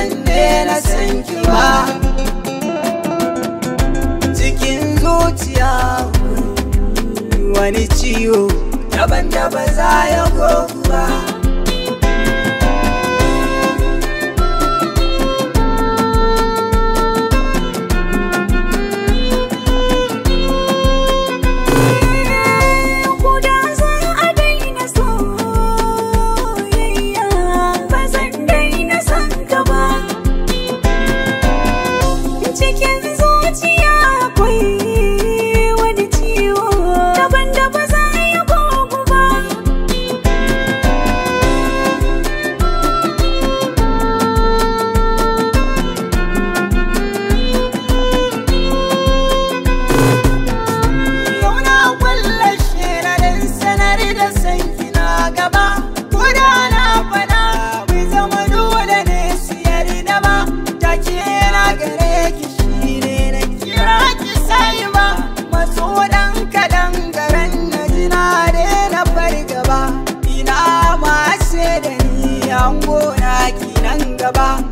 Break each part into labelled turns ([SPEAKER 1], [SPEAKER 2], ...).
[SPEAKER 1] ne na san ki
[SPEAKER 2] cikin zuciya wani ciwo daban da ba za ya ba gaba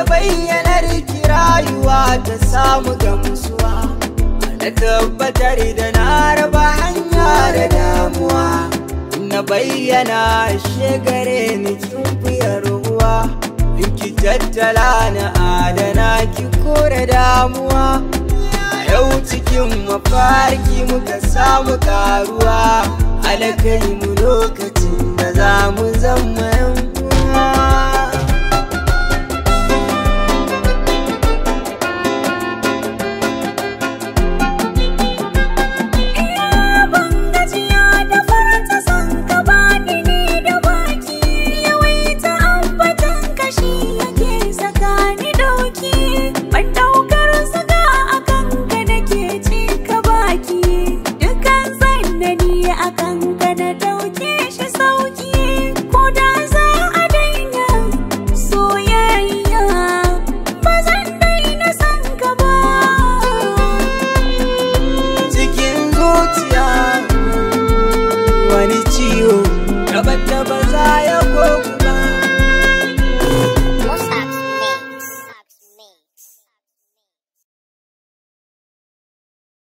[SPEAKER 2] da bayyanar kirayuwa ta samu gamsuwa na tabbatar da na raba hanya da damuwa na bayyana shegare ni kin ruwa ki tattala na adana ki kore damuwa yau cikin mafarki muka samu karuwa alakai mu lokacin da za mu zama